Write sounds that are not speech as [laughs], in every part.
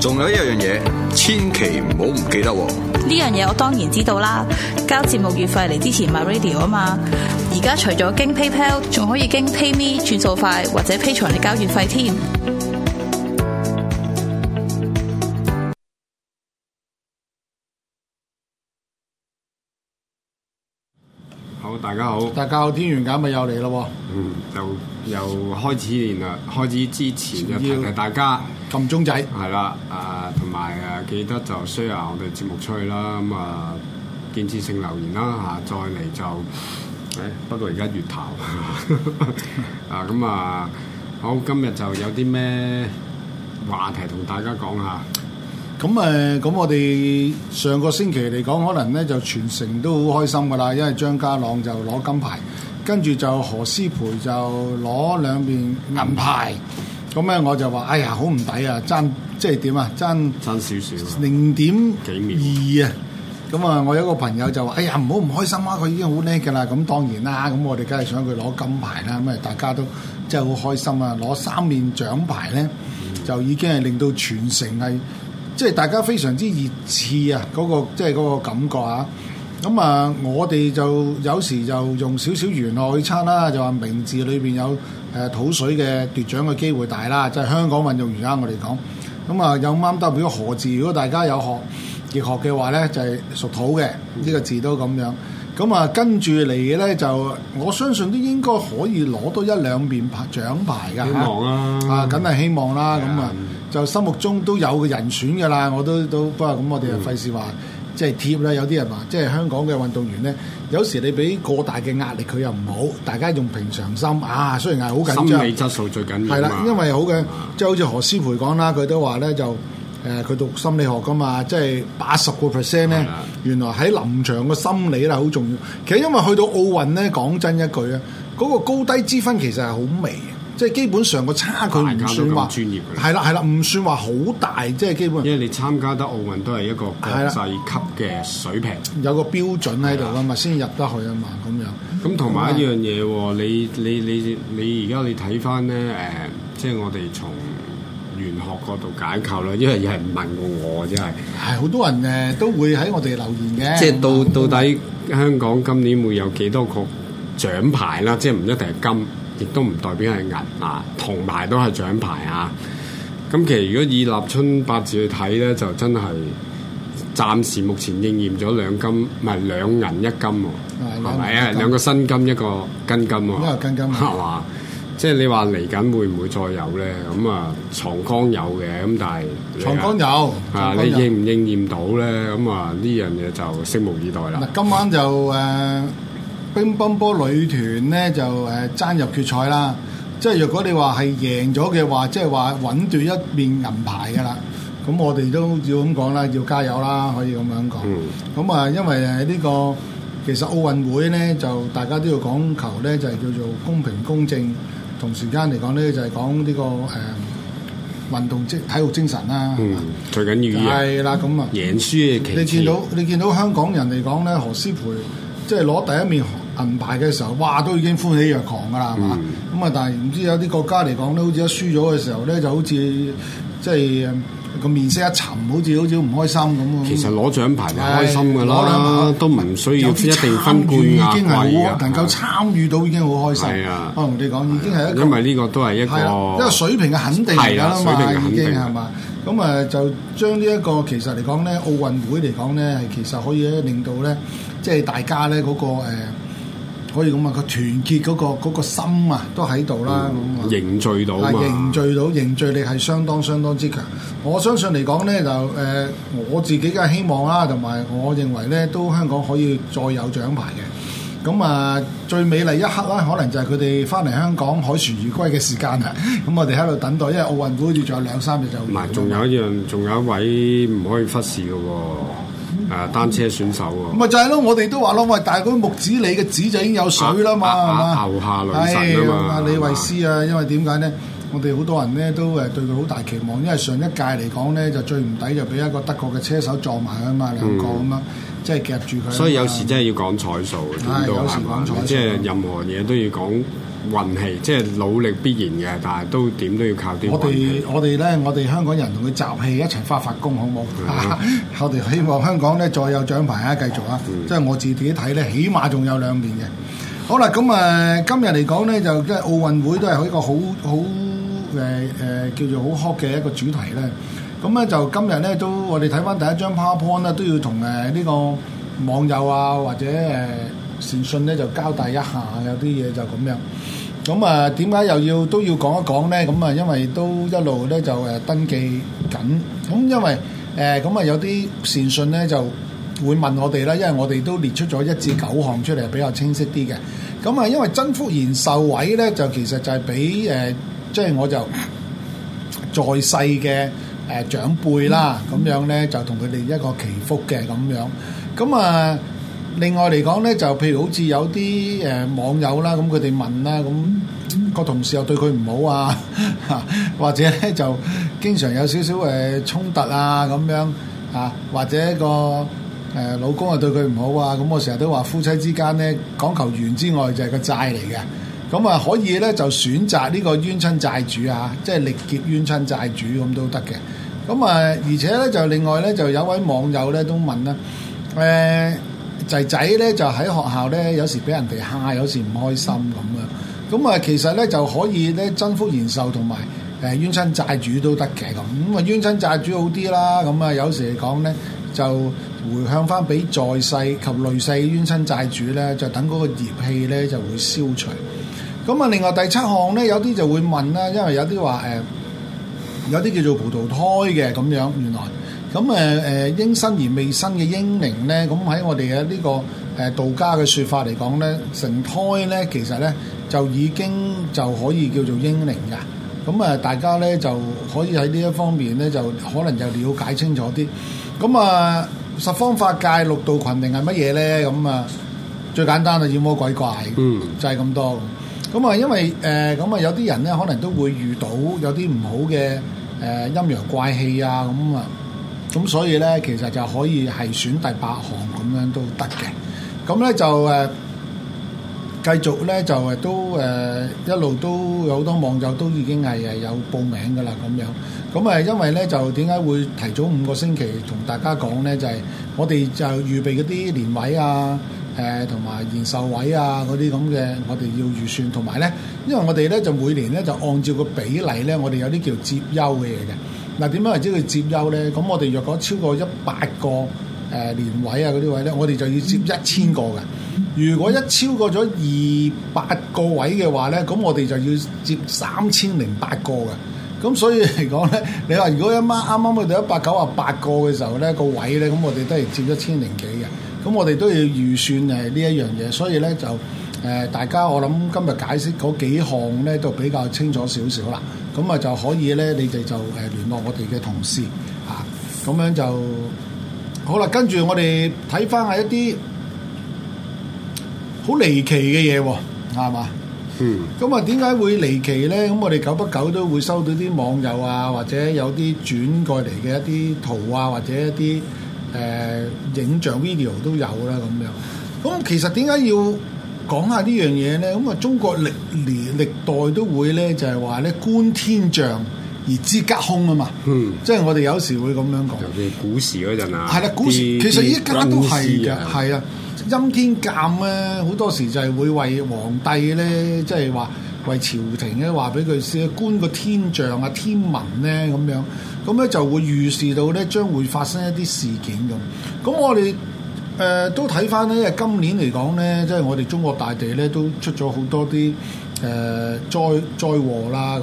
仲有一樣嘢，千祈唔好唔記得喎！呢樣嘢我當然知道啦，交節目月費嚟支持 MyRadio 啊嘛！而家除咗經 PayPal，仲可以經 PayMe 轉數快，或者 Patreon 嚟交月費添。大家好，大家好，天玄解密又嚟咯，嗯，又又開始啦，開始之前就先要 提，提大家撳鐘仔，係啦，啊、呃，同埋啊，記得就 share 我哋節目出去啦，咁啊，建設性留言啦，嚇、啊，再嚟就，誒、哎，不過而家月頭，呵呵 [laughs] 啊，咁、嗯、啊，好，今日就有啲咩話題同大家講下。咁誒，咁我哋上個星期嚟講，可能咧就全城都好開心噶啦，因為張家朗就攞金牌，跟住就何詩蓓就攞兩面銀牌。咁咧、嗯，我就話：哎呀，好唔抵啊！爭即係點啊？爭爭少少，零點幾二秒啊！咁啊，我有一個朋友就話：哎呀，唔好唔開心啊！佢已經好叻嘅啦。咁當然啦，咁我哋梗係想佢攞金牌啦。咁啊，大家都真係好開心啊！攞三面獎牌咧，嗯、就已經係令到全城係。即係大家非常之熱刺啊！嗰、那個即係嗰感覺啊！咁啊，我哋就有時就用少少原元去差啦、啊，就話名字裏邊有誒、啊、土水嘅奪獎嘅機會大啦。即、就、係、是、香港運動員啦，我哋講咁啊，有啱得。如果何字，如果大家有學易學嘅話咧，就係、是、屬土嘅呢、嗯、個字都咁樣。咁啊，跟住嚟嘅咧，就我相信都應該可以攞到一兩面牌獎牌㗎嚇！啊，梗係、啊、希望啦！咁啊、嗯、～、嗯就心目中都有嘅人選㗎啦，我都都不過咁，啊、我哋又費事話即係貼啦。有啲人話，即係香港嘅運動員咧，有時你俾過大嘅壓力，佢又唔好。大家用平常心啊，雖然係好緊張。心理質素最緊要、啊。係啦，因為緊張的好嘅，即係好似何師培講啦，佢都話咧就誒，佢、呃、讀心理學㗎嘛，即係八十個 percent 咧，呢的原來喺臨場嘅心理啦好重要。其實因為去到奧運咧，講真一句啊，嗰、那個高低之分其實係好微，微。即係基本上個差距唔算話咁專業嘅，係啦係啦，唔算話好大，即係基本，因為你參加得奧運都係一個國際級嘅水平，有個標準喺度啊嘛，先入得去啊嘛咁樣。咁同埋一樣嘢，你你你你而家你睇翻咧誒，即係我哋從玄學角度解構啦，因為有人問過我，真係係好多人誒都會喺我哋留言嘅。即係到到底香港今年會有幾多個獎牌啦？即係唔一定係金。亦都唔代表係銀啊，銅牌都係獎牌啊！咁其實如果以立春八字去睇咧，就真係暫時目前應驗咗兩金，唔係兩銀一金喎。係咪啊？兩個新金一個根金喎。咁啊，根金係嘛？根金吧即係你話嚟緊會唔會再有咧？咁啊，藏江有嘅，咁但係藏江有啊？你，你應唔應驗到咧？咁啊，呢樣嘢就拭目以待啦。嗱，今晚就誒。啊乒乓波女團咧就誒、呃、爭入決賽啦，即係如果你話係贏咗嘅話，即係話穩奪一面銀牌噶啦。咁我哋都要咁講啦，要加油啦，可以咁樣講，咁啊、嗯，因為誒、這、呢個其實奧運會咧，就大家都要講求咧，就係叫做公平公正，同時間嚟講咧，就係講呢個誒、呃、運動精體育精神啦。嗯，吧最緊要贏。係啦，咁啊，贏輸嘅其次。你見到你見到香港人嚟講咧，何詩蓓即係攞第一面。銀牌嘅時候，哇，都已經歡喜若狂噶啦，係嘛？咁啊，但係唔知有啲國家嚟講咧，好似一輸咗嘅時候咧，就好似即係個面色一沉，好似好似唔開心咁。其實攞獎牌就開心㗎啦，都唔需要一定分冠亞季啊。能夠參與到已經好開心。我同你講，已經係一個因為呢個都係一個因為水平嘅肯定嚟㗎啦，水平嘅肯定，係嘛？咁啊，就將呢一個其實嚟講咧，奧運會嚟講咧，其實可以令到咧，即係大家咧嗰個可以咁啊！佢團結嗰、嗰個嗰個心啊，都喺度啦，咁凝聚到凝聚到，凝聚力係相當相當之強。我相信嚟講咧，就誒、呃、我自己嘅希望啦、啊，同埋我認為咧，都香港可以再有獎牌嘅。咁啊，最美麗一刻啦、啊，可能就係佢哋翻嚟香港凱旋而歸嘅時間啦、啊。咁我哋喺度等待，因為奧運會好似仲有兩三日就。唔嗱，仲有一樣，仲有一位唔可以忽視嘅喎、啊。誒單車選手啊，咁咪 [noise] 就係咯，我哋都話咯，喂，但係嗰木子李嘅子就已經有水啦嘛，流、啊啊啊、下淚嚟噶嘛，李慧詩啊，因為點解咧？我哋好多人咧都誒對佢好大期望，因為上一屆嚟講咧就最唔抵就俾一個德國嘅車手撞埋啊嘛，兩個咁樣，嗯、即係夾住佢。所以有時真係要講彩數，點、啊、都係嘛，吧即係任何嘢都要講。運氣即係努力必然嘅，但係都點都要靠啲運氣。我哋我哋咧，我哋香港人同佢集氣一齊發發功，好冇？我哋希望香港咧再有獎牌啊！繼續啊！即係我自己睇咧，起碼仲有兩面嘅。好啦，咁誒今日嚟講咧，就即係奧運會都係一個好好誒誒叫做好 hot 嘅一個主題咧。咁咧就今日咧都我哋睇翻第一張 powerpoint 咧，都要同誒呢個網友啊或者誒善信咧就交代一下，有啲嘢就咁樣。咁啊，點解又要都要講一講咧？咁啊，因為都一路咧就誒登記緊，咁因為誒咁啊有啲善信咧就會問我哋啦，因為我哋都列出咗一至九項出嚟比較清晰啲嘅。咁啊，因為增福延壽位咧就其實就係俾誒，即係我就在世嘅誒長輩啦，咁樣咧就同佢哋一個祈福嘅咁樣。咁啊～另外嚟講咧，就譬如好似有啲誒網友啦，咁佢哋問啦，咁、個同事又對佢唔好啊， [laughs] 或者就經常有少少誒衝突啊咁樣啊，或者個誒、呃、老公又對佢唔好啊，咁我成日都話夫妻之間咧講求緣之外就係個債嚟嘅，咁啊可以咧就選擇呢個冤親債主啊，即係歷劫冤親債主咁都得嘅。咁啊，而且咧就另外咧就有位網友咧都問啦，誒、呃。仔仔咧就喺學校咧，有時俾人哋蝦，有時唔開心咁樣。咁啊，其實咧就可以咧增福延壽同埋誒冤親債主都得嘅咁。咁啊、嗯、冤親債主好啲啦。咁啊有時嚟講咧就回向翻俾在世及累世嘅冤親債主咧，就等嗰個業氣咧就會消除。咁啊，另外第七項咧，有啲就會問啦，因為有啲話誒有啲叫做葡萄胎嘅咁樣，原來。咁誒誒應生而未生嘅嬰靈咧，咁喺我哋嘅呢個誒、啊、道家嘅說法嚟講咧，成胎咧其實咧就已經就可以叫做嬰靈噶。咁啊，大家咧就可以喺呢一方面咧，就可能就了解清楚啲。咁啊，十方法界六道群靈係乜嘢咧？咁啊，最簡單啊，妖魔鬼怪、嗯，就係咁多。咁啊，因為，誒、呃、咁啊，有啲人咧可能都會遇到有啲唔好嘅誒陰陽怪氣啊咁啊。咁所以咧，其實就可以係選第八行咁樣，樣、呃、都得嘅。咁咧就誒繼續咧就誒都誒一路都有好多網友都已經係誒有報名嘅啦。咁樣咁誒，因為咧就點解會提早五個星期同大家講咧？就係、是、我哋就預備嗰啲年位啊，誒同埋延壽位啊嗰啲咁嘅，我哋要預算同埋咧，因為我哋咧就每年咧就按照個比例咧，我哋有啲叫接優嘅嘢嘅。嗱點、啊、樣為之佢接優呢？咁我哋若果超過一百個誒、呃、年位啊嗰啲位呢，我哋就要接一千個嘅。如果一超過咗二百個位嘅話呢，咁我哋就要接三千零八個嘅。咁所以嚟講呢，你話如果一晚啱啱去到一百九啊八個嘅時候呢，那個位呢，咁我哋都係接一千零幾嘅。咁我哋都要預算係呢一樣嘢，所以呢，就誒、呃、大家我諗今日解釋嗰幾項呢都比較清楚少少啦。咁啊就可以咧，你哋就誒聯絡我哋嘅同事啊，咁樣就好啦。跟住我哋睇翻下一啲好離奇嘅嘢喎，係、啊、嘛？嗯。咁啊，點解會離奇咧？咁我哋久不久都會收到啲網友啊，或者有啲轉過嚟嘅一啲圖啊，或者一啲誒、呃、影像 video 都有啦、啊，咁樣。咁其實點解要？講下呢樣嘢咧，咁啊中國歷年歷，歷代都會咧，就係話咧觀天象而知吉凶啊嘛。嗯，即係我哋有時會咁樣講。尤其古時嗰陣啊，係啦，古時，古時其實依家都係嘅，係啊。欽天監咧，好多時就係會為皇帝咧，即係話為朝廷咧，話俾佢先觀個天象啊、天文咧咁樣，咁咧就會預示到咧將會發生一啲事件咁。咁我哋。誒、呃、都睇翻咧，因為今年嚟講咧，即係我哋中國大地咧都出咗好多啲誒、呃、災災禍啦咁。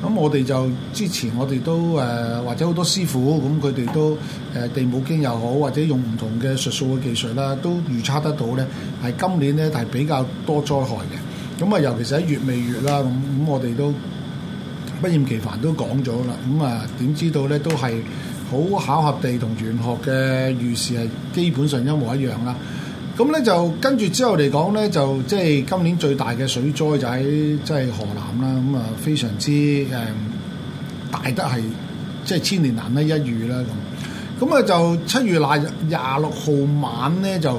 咁我哋就之前我哋都誒、呃，或者好多師傅咁，佢哋都誒、呃、地母經又好，或者用唔同嘅術數嘅技術啦，都預測得到咧，係今年咧係比較多災害嘅。咁啊，尤其是喺月未月啦，咁咁我哋都不厭其煩都講咗啦。咁啊，點、呃、知道咧都係？好巧合地同玄學嘅預示係基本上一模一樣啦。咁咧就跟住之後嚟講咧，就即係、就是、今年最大嘅水災就喺即係河南啦。咁啊，非常之誒、呃、大得係即係千年難得一遇啦。咁咁啊，就七月廿廿六號晚咧，就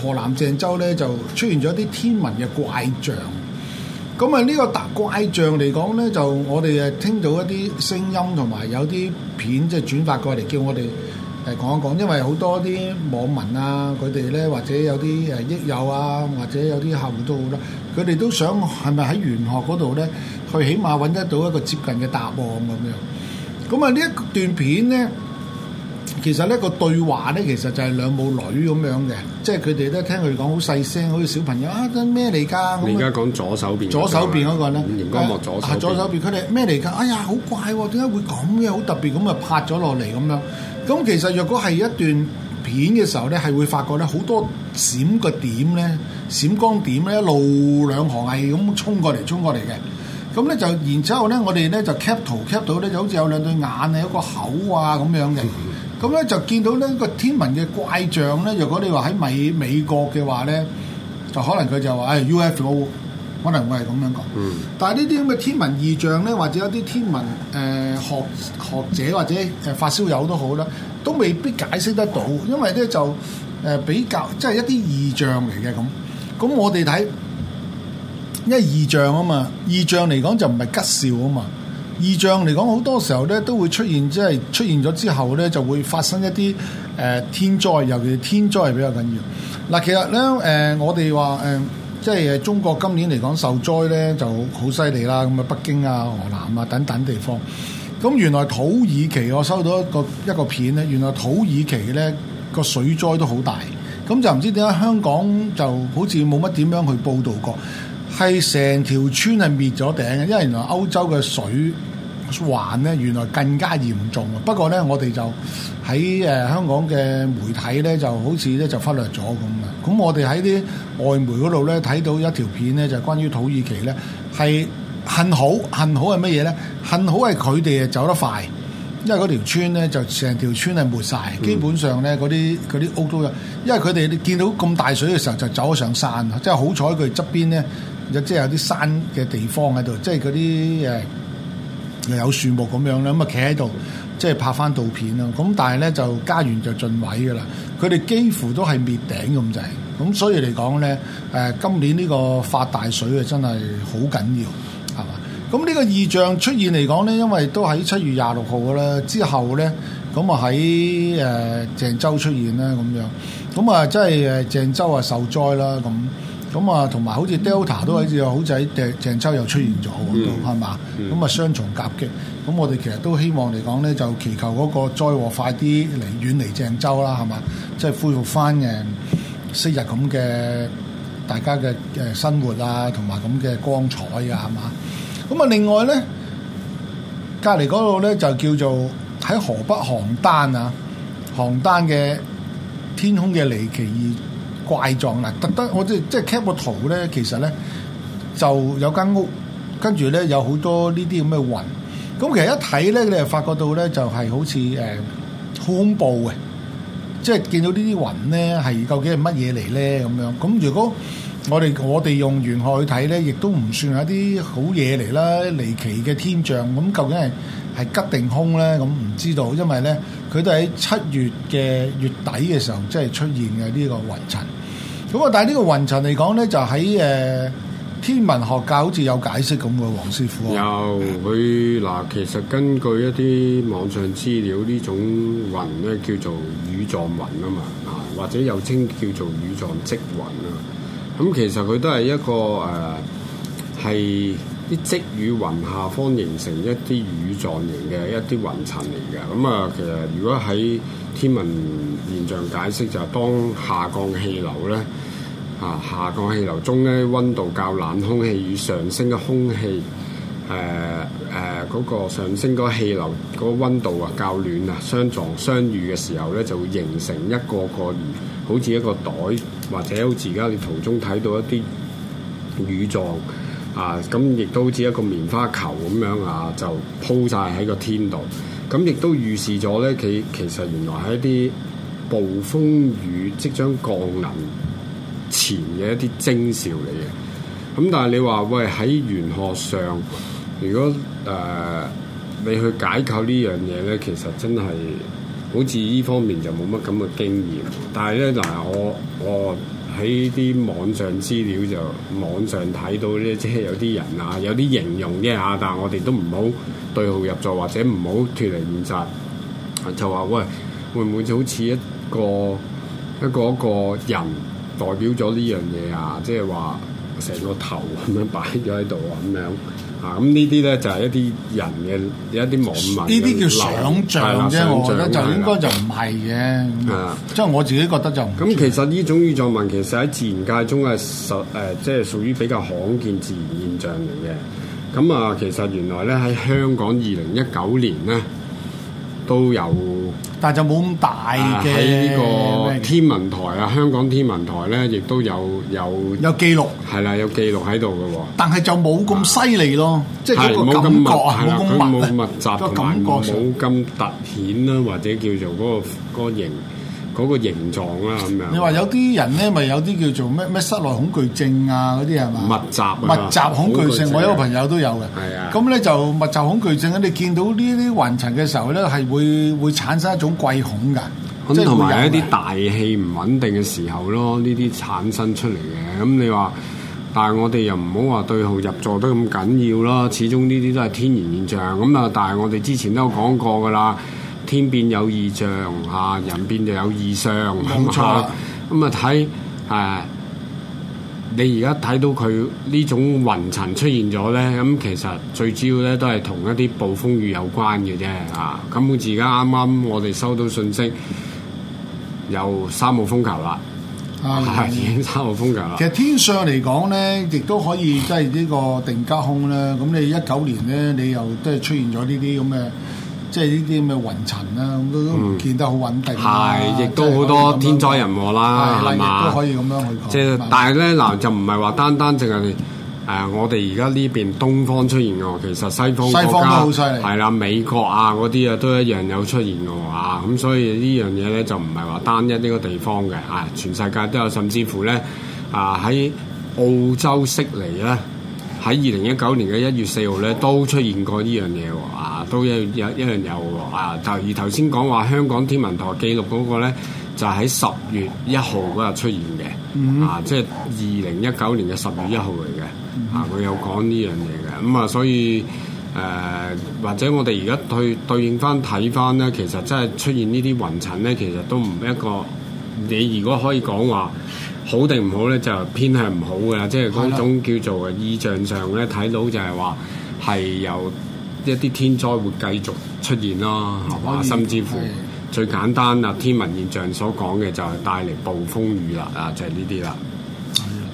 河南鄭州咧就出現咗啲天文嘅怪象。咁啊，呢個怪象嚟講呢，就我哋誒聽到一啲聲音同埋有啲片即係轉發過嚟，叫我哋誒講一講，因為好多啲網民啊，佢哋呢，或者有啲誒益友啊，或者有啲客戶都好啦，佢哋都想係咪喺玄學嗰度呢，佢起碼揾得到一個接近嘅答案咁樣。咁啊，呢一段片呢。其實呢、呢個對話咧，其實就係兩母女咁樣嘅，即係佢哋咧聽佢哋講好細聲，好似小朋友啊，咩嚟㗎？我而家講左手邊，左手邊嗰個咧，熒光幕左手邊。左手邊佢哋咩嚟㗎？哎呀，好怪喎、啊！點解會咁嘅？好特別咁啊，拍咗落嚟咁樣。咁其實若果係一段片嘅時候咧，係會發覺咧好多閃個點咧，閃光點咧一路兩行係咁衝過嚟，衝過嚟嘅。咁咧就然之後咧，我哋咧就 cap 圖 cap 到咧，就好似有兩對眼啊，有一個口啊咁樣嘅。 [laughs] 咁咧就見到呢個天文嘅怪象咧，如果你話喺美美國嘅話咧，就可能佢就話誒 UFO，可能會係咁樣講。嗯。但係呢啲咁嘅天文異象咧，或者一啲天文誒、呃、學學者或者誒發燒友都好啦，都未必解釋得到，因為咧就誒、呃、比較即係一啲異象嚟嘅咁。咁我哋睇，因為異象啊嘛，異象嚟講就唔係吉兆啊嘛。異象嚟講，好多時候咧都會出現，即係出現咗之後咧就會發生一啲誒、呃、天災，尤其天災係比較緊要。嗱、啊，其實咧誒、呃，我哋話誒，即係中國今年嚟講受災咧就好犀利啦，咁啊北京啊、河南啊等、等等地方。咁原來土耳其我收到一個一個片咧，原來土耳其咧個，個其呢水災都好大。咁、嗯、就唔知點解香港就好似冇乜點樣去報導過。係成條村係滅咗頂嘅，因為原來歐洲嘅水患咧，原來更加嚴重。不過咧，我哋就喺誒、呃、香港嘅媒體咧，就好似咧就忽略咗咁啊。咁我哋喺啲外媒嗰度咧睇到一條片咧，就是，關於土耳其咧，係幸好，幸好係乜嘢咧？幸好係佢哋走得快，因為嗰條村咧就成條村係沒晒。嗯、基本上咧嗰啲啲屋都有。因為佢哋你見到咁大水嘅時候就走咗上山，即係好彩佢側邊咧。即有即係有啲山嘅地方喺度，即係嗰啲誒有樹木咁樣啦，咁啊企喺度，即係拍翻導片咯。咁但係咧就家園就盡毀㗎啦。佢哋幾乎都係滅頂咁滯，咁所以嚟講咧誒，今年呢個發大水啊，真係好緊要，係嘛？咁呢個異象出現嚟講咧，因為都喺七月廿六號啦，之後咧咁啊喺誒鄭州出現啦咁樣，咁啊真係誒鄭州啊受災啦咁。咁啊，同埋好似 Delta 都喺，嗯、好似又鄭州又出現咗，好多，係嘛？咁啊，雙重夾擊。咁、嗯、我哋其實都希望嚟講咧，就祈求嗰個災禍快啲嚟遠離鄭州啦，係嘛？即、就、係、是、恢復翻誒昔日咁嘅大家嘅誒生活啊，同埋咁嘅光彩啊，係嘛？咁啊，另外咧，隔離嗰度咧就叫做喺河北邯鄲啊，邯鄲嘅天空嘅離奇怪狀嗱，特登我即係即係 cap 個圖咧，其實咧就有間屋，跟住咧有好多呢啲咁嘅雲。咁其實一睇咧，你就發覺到咧就係、是、好似誒、呃、恐怖嘅，即係見到呢啲雲咧係究竟係乜嘢嚟咧咁樣。咁如果我哋我哋用玄學去睇咧，亦都唔算係一啲好嘢嚟啦，離奇嘅天象。咁究竟係係吉定凶咧？咁唔知道，因為咧佢都喺七月嘅月底嘅時候即係出現嘅呢個雲層。咁啊，但係呢個雲層嚟講咧，就喺、是、誒天文學界好似有解釋咁嘅，黃師傅。有佢，嗱，其實根據一啲網上資料，呢種雲咧叫做乳狀雲啊嘛，或者又稱叫做乳狀積雲啊。咁其實佢都係一個誒係啲積雨雲下方形成一啲乳狀型嘅一啲雲層嚟嘅。咁啊，其實如果喺天文現象解釋就係當下降氣流咧，啊下降氣流中咧溫度較冷，空氣與上升嘅空氣，誒誒嗰個上升嗰氣流嗰個温度啊較暖啊，相撞相遇嘅時候咧就會形成一個個好似一個袋，或者好似而家你途中睇到一啲雨狀啊，咁亦都好似一個棉花球咁樣啊，就鋪晒喺個天度。咁亦都預示咗咧，佢其實原來係一啲暴風雨即將降臨前嘅一啲徵兆嚟嘅。咁但係你話喂，喺玄學上，如果誒、呃、你去解構呢樣嘢咧，其實真係好似呢方面就冇乜咁嘅經驗。但係咧嗱，我我。喺啲網上資料就網上睇到咧，即係有啲人啊，有啲形容嘅吓，但係我哋都唔好對號入座，或者唔好脫離現實，就話喂，會唔會就好似一個一個一個人代表咗呢樣嘢啊？即係話成個頭咁樣擺咗喺度啊咁樣。嗱，咁呢啲咧就係一啲人嘅有一啲網民，呢啲叫想像啫。錯我覺得就應該、嗯、就唔係嘅，即係我自己覺得就。咁其實呢種宇宙紋，其實喺自然界中係屬誒，即係屬於比較罕見自然現象嚟嘅。咁啊，其實原來咧喺香港二零一九年咧。都有，但係就冇咁大嘅。喺呢個天文台啊，香港天文台咧，亦都有有有記錄，係啦，有記錄喺度嘅喎。但係就冇咁犀利咯，即係嗰個感覺啊，係啦，佢冇咁密集同埋冇咁突顯啦，或者叫做嗰個嗰個形。嗰個形狀啦，咁樣。你話有啲人咧，咪、嗯、有啲叫做咩咩室內恐懼症啊嗰啲係嘛？密集密集恐懼症，我有個朋友都有嘅。係啊。咁咧就密集恐懼症咧，你見到呢啲雲層嘅時候咧，係會會產生一種貴恐㗎。咁同埋有一啲大氣唔穩定嘅時候咯，呢啲產生出嚟嘅。咁你話，但係我哋又唔好話對號入座得咁緊要咯。始終呢啲都係天然現象咁啊！但係我哋之前都有講過㗎啦。天變有異象，嚇人變就有異象，冇錯啦，咁啊咁啊睇誒、啊，你而家睇到佢呢種雲層出現咗咧，咁、嗯、其實最主要咧都係同一啲暴風雨有關嘅啫，嚇咁而家啱啱我哋收到訊息有三號風球啦、嗯啊，已經三號風球啦、嗯。其實天上嚟講咧，亦都可以即係呢個定吉凶咧。咁你一九年咧，你又即係出現咗呢啲咁嘅。即係呢啲咁嘅雲層啦，咁都唔見得好穩定。係、嗯，亦都好多天災人禍啦，係嘛、嗯？吧都可以咁樣去講。即係是，但係咧嗱，就唔係話單單淨係誒我哋而家呢邊東方出現嘅，其實西方國家好犀利係啦、啊，美國啊嗰啲啊都一樣有出現嘅話，咁、啊、所以呢樣嘢咧就唔係話單一呢個地方嘅啊，全世界都有，甚至乎咧啊喺澳洲悉尼咧，喺二零一九年嘅一月四號咧，都出現過呢樣嘢喎、哦、啊，都一有一樣有喎啊。就而頭先講話香港天文台記錄嗰個咧，就喺、是、十月一號嗰日出現嘅、mm hmm. 啊，即係二零一九年嘅十月一號嚟嘅啊。佢有講呢樣嘢嘅，咁啊，所以誒、啊，或者我哋而家對對應翻睇翻咧，其實真係出現塵呢啲雲層咧，其實都唔一個，你如果可以講話。好定唔好咧，就是、偏向唔好噶啦，即係嗰種叫做的意象上咧睇到就係話係由一啲天災會繼續出現咯，係嘛的？吧甚至乎的最簡單啦，天文現象所講嘅就係帶嚟暴風雨啦，啊就係、是、呢啲啦。係啊。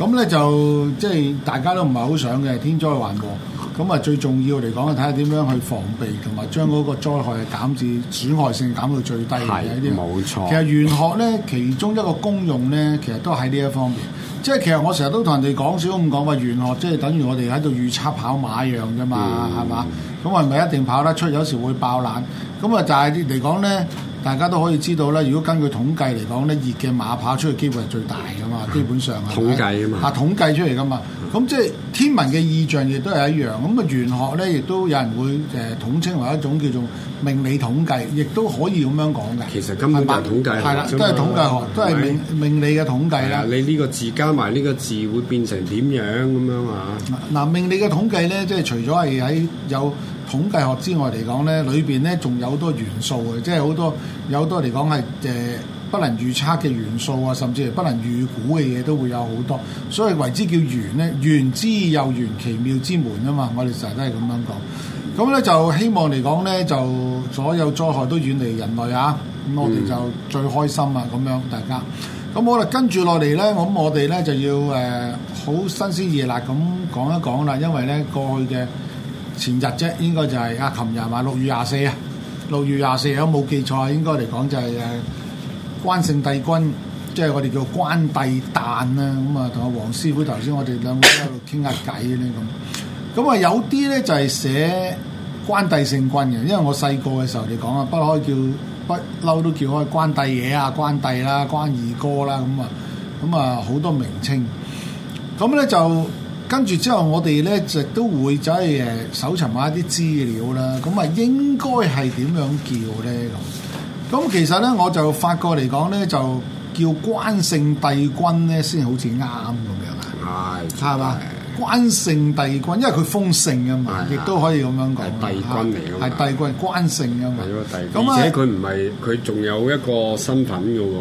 咁咧就即係大家都唔係好想嘅天災橫禍。咁啊，最重要嚟講，睇下點樣去防備，同埋將嗰個災害係減至損害性減到最低嘅。係，冇錯。其實玄學咧， [laughs] 其中一個功用咧，其實都喺呢一方面。即係其實我成日都同人哋講少咁講話玄學，即係等於我哋喺度預測跑馬一樣啫嘛，係嘛、嗯？咁話唔係一定跑得出，有時會爆冷。咁啊，但係嚟講咧，大家都可以知道咧。如果根據統計嚟講咧，熱嘅馬跑出去機會係最大噶嘛，基本上。 [laughs] 統計啊嘛。啊，統計出嚟噶嘛。咁即係天文嘅意象，亦都係一樣。咁啊，玄學咧，亦都有人會誒、呃、統稱為一種叫做命理統計，亦都可以咁樣講嘅。其實根本就係統計吧，啦的，都係統計學，的都係命命理嘅統計啦。你呢個字加埋呢個字，會變成點樣咁樣啊？嗱、啊，命理嘅統計咧，即係除咗係喺有統計學之外嚟講咧，裏邊咧仲有好多元素嘅，即係好多有好多嚟講係誒。呃不能預測嘅元素啊，甚至係不能預估嘅嘢都會有好多，所以為之叫玄咧，玄之又玄，奇妙之門啊嘛！我哋成日都係咁樣講。咁咧就希望嚟講咧，就所有災害都遠離人類啊！咁我哋就最開心啊！咁樣大家。咁、嗯、好啦，跟住落嚟咧，咁我哋咧就要誒好新鮮熱辣咁講一講啦，因為咧過去嘅前日啫，應該就係啊琴日嘛，六月廿四啊，六月廿四有冇記錯啊？應該嚟講就係誒。關聖帝君，即係我哋叫關帝誕啦。咁啊，同阿黃師傅頭先，我哋兩個喺度傾下偈咧咁。咁啊，有啲咧就係寫關帝聖君嘅，因為我細個嘅時候你講啊，不開叫不嬲都叫開關帝爺啊、關帝啦、關二哥啦咁啊，咁啊好多名稱。咁咧就跟住之後，我哋咧就都會走係誒搜尋下一啲資料啦。咁啊，應該係點樣叫咧咁？咁其實咧，我就發覺嚟講咧，就叫關聖帝君咧，先好似啱咁樣啊。係，係嘛的？關聖帝君，因為佢封聖啊嘛，亦都的可以咁樣講。帝君嚟嘅嘛。係帝君，關聖啊嘛。係咯，帝君。而且佢唔係，佢仲有一個身份嘅喎。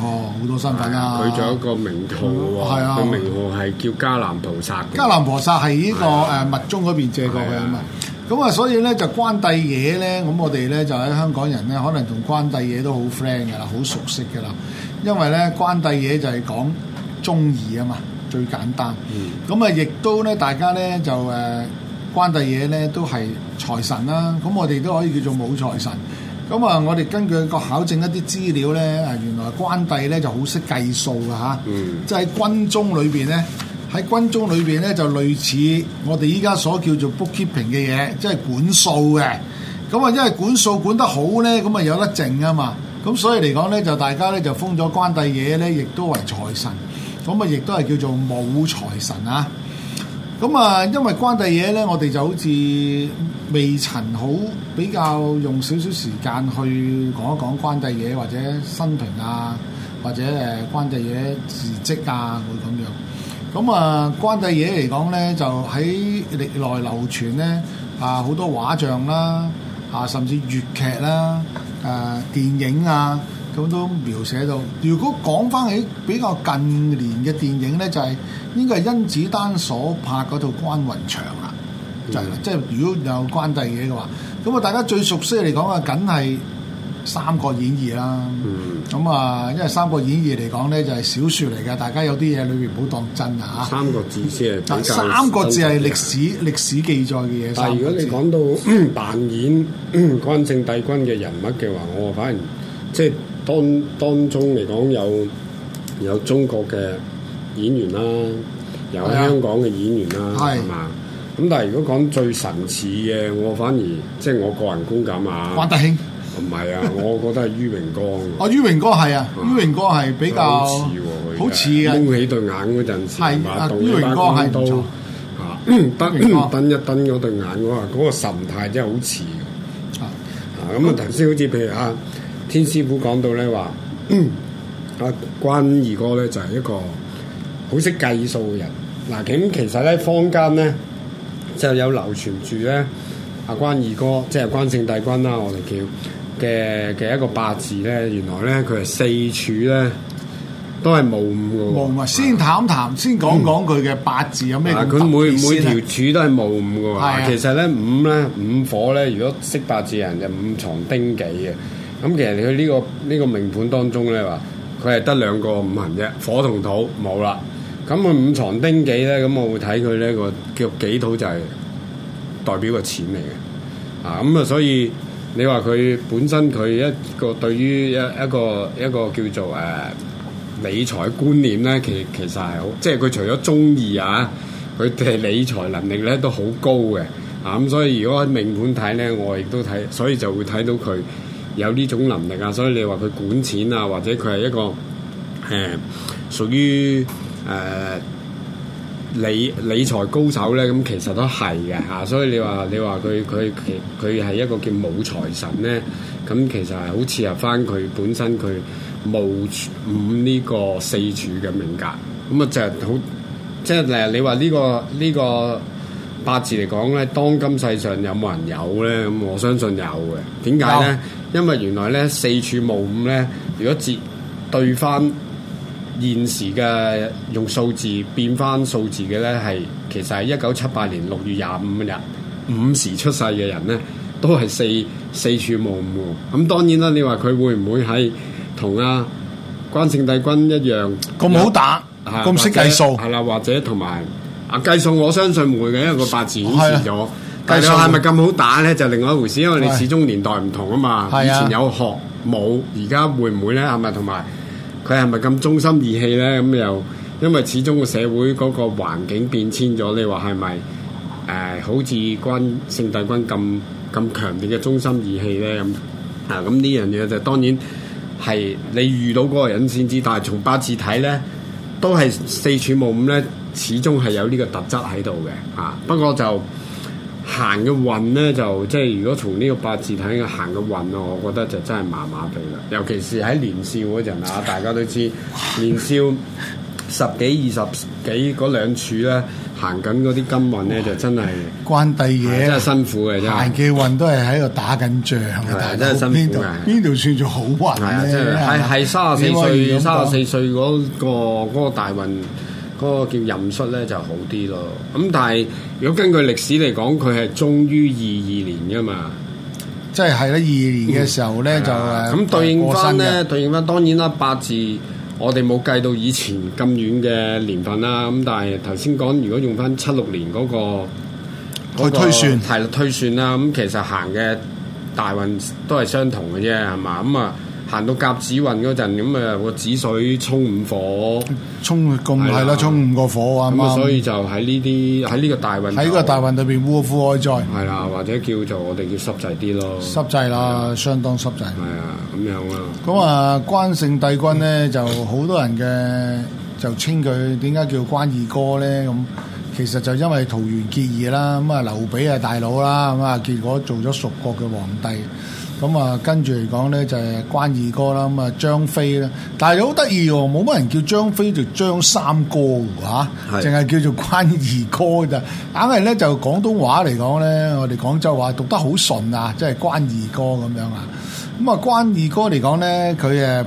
哦，好、哦、多身份啊！佢仲有一個名號喎、哦。啊的。佢名號係叫迦南菩薩嘅。迦南菩薩係呢個誒密宗嗰邊借過去啊嘛。咁啊，所以咧就關帝嘢咧，咁我哋咧就喺香港人咧，可能同關帝爺都好 friend 嘅啦，好熟悉嘅啦。因為咧關帝爺就係講忠義啊嘛，最簡單。咁啊、嗯，亦都咧大家咧就誒、呃、關帝爺咧都係財神啦。咁我哋都可以叫做武財神。咁啊，我哋根據個考證一啲資料咧，啊原來關帝咧就好識計數㗎吓，即喺、嗯、軍中裏邊咧。喺軍中裏邊咧，就類似我哋依家所叫做 bookkeeping 嘅嘢，即係管數嘅。咁啊，因為管數管得好咧，咁啊有得剩啊嘛。咁所以嚟講咧，就大家咧就封咗關帝爺咧，亦都為財神。咁啊，亦都係叫做武財神啊。咁啊，因為關帝爺咧，我哋就好似未曾好比較用少少時間去講一講關帝爺或者生平啊，或者誒關帝爺事蹟啊，會咁樣。咁啊，關帝爺嚟講咧，就喺歷來流傳咧，啊好多畫像啦，啊甚至粵劇啦，誒、啊、電影啊，咁都描寫到。如果講翻起比較近年嘅電影咧，就係、是、應該係甄子丹所拍嗰套關牆《關雲長》啦、就是，就係啦。即係如果有關帝爺嘅話，咁啊，大家最熟悉嚟講啊，梗係。《三國演義》啦、嗯，咁啊，因為《三國演義》嚟講咧就係小説嚟嘅，大家有啲嘢裏邊唔好當真啊！三國志先係，三國志係歷史，歷史記載嘅嘢。但係如果你講到 [laughs] [coughs] 扮演關聖帝君嘅人物嘅話，我反而即係、就是、當當中嚟講有有中國嘅演員啦、啊，啊、有香港嘅演員啦，係嘛？咁但係如果講最神似嘅，我反而即係、就是、我個人觀感啊，關德興。唔係啊！我覺得係于榮光。啊。於榮光係啊，於榮光係比較好似喎，好似、like. 啊。隆起對眼嗰陣時，係、嗯、啊，於榮光都嚇瞪瞪一瞪嗰對眼嘅嗰個神態真係好似。啊咁啊，頭先好似譬如啊，天師傅講到咧話，阿關二哥咧就係一個好識計數嘅人。嗱咁其實咧坊間咧就有流傳住咧阿關二哥，即係關聖帝君啦，我哋叫。嘅嘅一個八字咧，原來咧佢係四柱咧都係冇五嘅。先談談，先講講佢嘅八字有咩特別先啦。佢每每條柱都係冇五嘅。係啊，其實咧五咧五火咧，如果識八字人就五藏丁己嘅。咁其實佢呢個呢個命盤當中咧話，佢係得兩個五行啫，火同土冇啦。咁佢五藏丁己咧，咁我會睇佢呢個叫己土就係代表個錢嚟嘅。啊，咁啊所以。你話佢本身佢一個對於一一個一個叫做誒、啊、理財觀念咧，其其實係好，即係佢除咗鍾意啊，佢嘅理財能力咧都好高嘅啊！咁、嗯、所以如果喺命盤睇咧，我亦都睇，所以就會睇到佢有呢種能力啊。所以你話佢管錢啊，或者佢係一個誒、呃、屬於誒。呃理理財高手咧，咁其實都係嘅嚇，所以你話你話佢佢佢係一個叫冇財神咧，咁其實係好似合翻佢本身佢冇五呢個四柱嘅命格，咁啊就係好即係誒，你話呢個呢個八字嚟講咧，當今世上有冇人有咧？咁我相信有嘅，點解咧？好因為原來咧，四柱冇五咧，如果折對翻。現時嘅用數字變翻數字嘅咧，係其實係一九七八年六月廿五日五時出世嘅人咧，都係四四處望望。咁當然啦，你話佢會唔會喺同阿、啊、關聖帝君一樣咁好打，咁識計數係啦、啊，或者同埋啊計數，我相信會嘅，因為個八字顯示咗計、哦啊、數。係咪咁好打咧？就是、另外一回事，因為你始終年代唔同啊嘛。以前、啊啊、有學武，而家會唔會咧？係咪同埋？佢係咪咁忠心義氣咧？咁又因為始終個社會嗰個環境變遷咗，你話係咪誒好似關聖帝君咁咁強烈嘅忠心義氣咧？咁、嗯、啊咁呢樣嘢就當然係你遇到嗰個人先知，但係從八字睇咧，都係四處無五咧，始終係有呢個特質喺度嘅。啊，不過就～行嘅運咧就即係如果從呢個八字睇嘅行嘅運啊，我覺得就真係麻麻地啦。尤其是喺年少嗰陣啊，大家都知年少十幾二十幾嗰兩柱咧，行緊嗰啲金運咧就真係關帝嘢，真係辛苦嘅。真係。行嘅運都係喺度打緊仗，對但我真係辛苦啊！邊度算做好運咧？係係三十四歲三十四歲嗰個嗰個大運。嗰個叫任戌咧就好啲咯，咁但係如果根據歷史嚟講，佢係終於二二年噶嘛，即係喺咧二二年嘅時候咧、嗯、就咁對應翻咧，對應翻當然啦，八字我哋冇計到以前咁遠嘅年份啦，咁但係頭先講如果用翻七六年嗰、嗰個去推算，係啦推算啦，咁其實行嘅大運都係相同嘅啫，係嘛咁啊。嗯行到甲子運嗰陣，咁誒個子水沖五火，沖咁係啦，的沖五個火啊嘛。咁的、嗯、所以就喺呢啲喺呢個大運喺呢個大運裏邊，嗚呼哀哉，係啦，或者叫做我哋叫濕滯啲咯，濕滯啦，的相當濕滯。係啊，咁樣啊。咁啊，關聖帝君咧、嗯，就好多人嘅就稱佢點解叫關二哥咧？咁其實就因為桃園結義啦。咁啊，劉備啊，大佬啦。咁啊，結果做咗蜀國嘅皇帝。咁、就是、啊，跟住嚟講咧就係關二哥啦，咁啊張飛啦，但係又好得意喎，冇乜人叫張飛就張三哥喎，嚇，淨係叫做關二哥咋，就，硬係咧就廣東話嚟講咧，我哋廣州話讀得好順啊，即係關二哥咁樣啊，咁啊關二哥嚟講咧，佢誒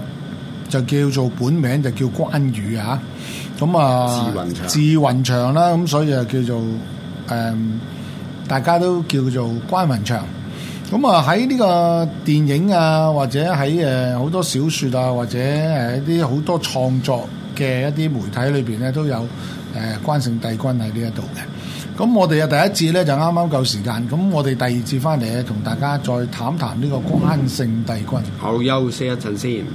就叫做本名就叫關羽啊，咁啊，字雲長，字雲長啦，咁所以就叫做誒、呃，大家都叫做關雲長。咁啊喺呢個電影啊，或者喺誒好多小說啊，或者誒一啲好多創作嘅一啲媒體裏邊咧，都有誒、呃、關聖帝君喺呢一度嘅。咁我哋啊第一次咧就啱啱夠時間，咁我哋第二次翻嚟咧同大家再談談呢個關聖帝君。好，休息一陣先。